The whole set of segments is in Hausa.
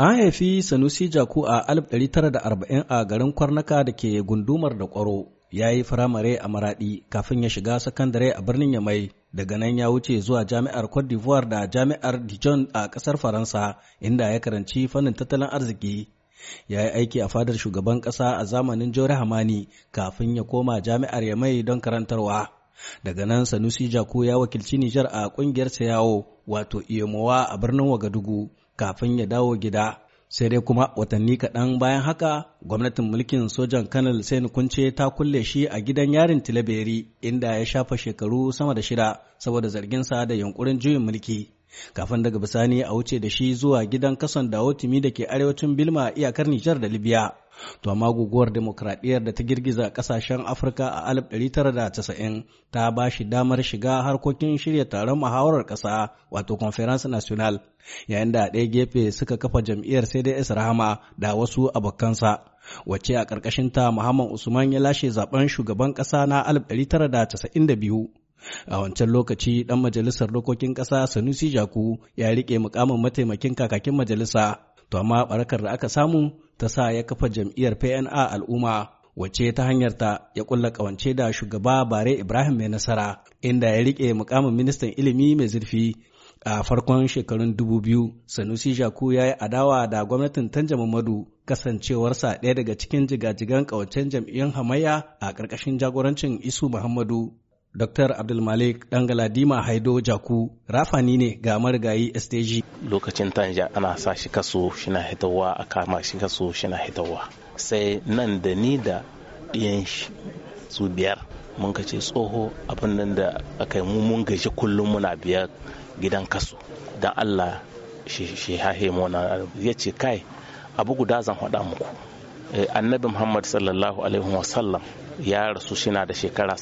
An haifi Sanusi Jaku a 1940 a garin Kwarnaka da ke gundumar da kwaro. Ya yi firamare a Maraɗi kafin ya shiga sakandare a birnin Yamai. Daga nan ya wuce zuwa jami'ar Cote d'Ivoire da jami'ar Dijon a ƙasar Faransa inda ya karanci fannin tattalin arziki. Ya yi aiki a fadar shugaban ƙasa a zamanin Jauri Hamani kafin ya koma jami'ar Yamai don karantarwa. Daga nan Sanusi Jaku ya wakilci Nijar a ƙungiyar Sayawo wato Iyamowa a birnin Wagadugu kafin ya dawo gida. Sai dai kuma watanni kaɗan bayan haka gwamnatin mulkin sojan kanal sai Kunce ta kulle shi a gidan yarin Tilaberi inda ya shafa shekaru sama da shida saboda zarginsa da yunkurin juyin mulki. kafin daga bisani a wuce da shi zuwa gidan kason dawotimi da ke arewacin bilma a iyakar nijar da libya to amma guguwar demokradiyyar da ta girgiza kasashen afirka a 1990 ta ba shi damar shiga harkokin shirya taron muhawarar ƙasa wato conference national yayin da ɗaya gefe suka kafa jam'iyyar cds rahama da wasu abokansa wacce a ta muhammad usman ya lashe zaben shugaban ƙasa na 1992 A wancan lokaci ɗan majalisar dokokin ƙasa Sanusi Jaku ya riƙe mukamin mataimakin kakakin majalisa, to amma ɓarakar da aka samu ta sa ya kafa jam'iyyar PNA al'umma wace ta hanyarta ya ƙulla ƙawance da shugaba Bare Ibrahim mai nasara inda ya riƙe mukamin ministan ilimi mai zurfi a farkon shekarun dubu biyu sanusi jaku ya yi adawa da gwamnatin tanja mamadu kasancewarsa ɗaya daga cikin jigajigan ƙawancen jam'iyyun hamayya a ƙarƙashin jagorancin isu muhammadu Dr. Abdulmalik Dangaladima Haido Jaku rafani ne ga marigayi STG. Lokacin tanja ana sa shi kaso shina hitowa a kama shi kaso shina hitowa. Sai nan da ni da ɗiyan shi su biyar mun ka ce tsoho abin nan da aka yi mun gaji kullum muna biyar gidan kaso don Allah shi hahe mona ya ce kai abu guda zan faɗa muku eh, annabi muhammad sallallahu alaihi wasallam ya rasu shina da shekara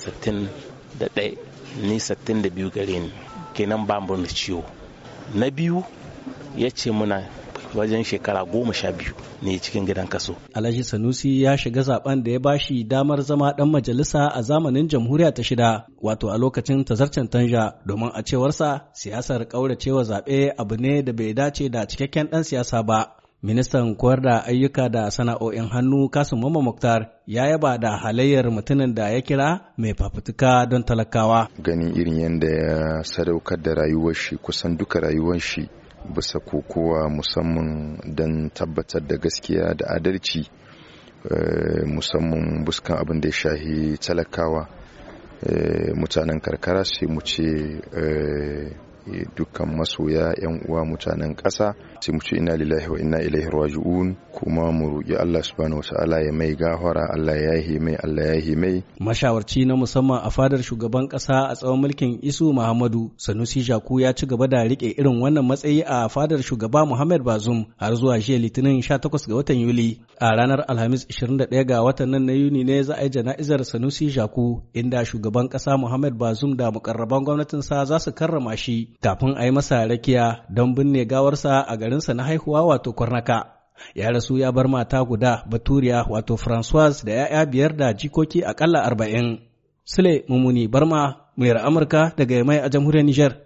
da ɗaya ni 62 gare ni kenan ba mu da ciwo na biyu ya ce muna wajen shekara goma sha biyu ne cikin gidan kaso. Alhaji Sanusi ya shiga zaben da ya bashi damar zama dan majalisa a zamanin jamhuriya ta shida wato a lokacin tazarcen tanja domin a cewarsa siyasar ƙauracewa zaɓe abu ne da bai dace da cikakken ɗan siyasa ba. Ministan koyar da ayyuka da sana'o'in hannu Kasim Mama Muktar ya yaba da halayyar mutumin da ya kira mai fafutuka don talakawa. Ganin irin yadda ya sadaukar da rayuwar shi kusan duka rayuwar shi bisa kokowa musamman don tabbatar da gaskiya da adalci eh, musamman buskan abin da ya shahi talakawa eh, mutanen karkara sai mu ce eh, dukkan masoya yan uwa mutanen ƙasa sai mu ce ina lillahi wa inna ilaihi raji'un kuma mu roƙi Allah subhanahu wataala ya mai gafara Allah ya yi mai Allah ya yi mai mashawarci na musamman a fadar shugaban ƙasa a tsawon mulkin Isu Muhammadu Sanusi Jaku ya ci gaba da rike irin wannan matsayi a fadar shugaba Muhammad Bazum har zuwa jiya Litinin 18 ga watan Yuli a ranar Alhamis 21 ga watan nan na Yuni ne za a yi jana'izar Sanusi Jaku inda shugaban ƙasa Muhammad Bazum da mukarraban sa za su karrama shi kafin a yi masa rakiya don binne gawarsa a garinsa na haihuwa wato Kwarnaka. Ya rasu ya bar mata guda Baturiya wato Francoise da ‘ya'ya biyar da jikoki a ƙalla arba'in. Sule Mumuni Barma, muryar Amurka daga mai a jamhuriyar Nijar.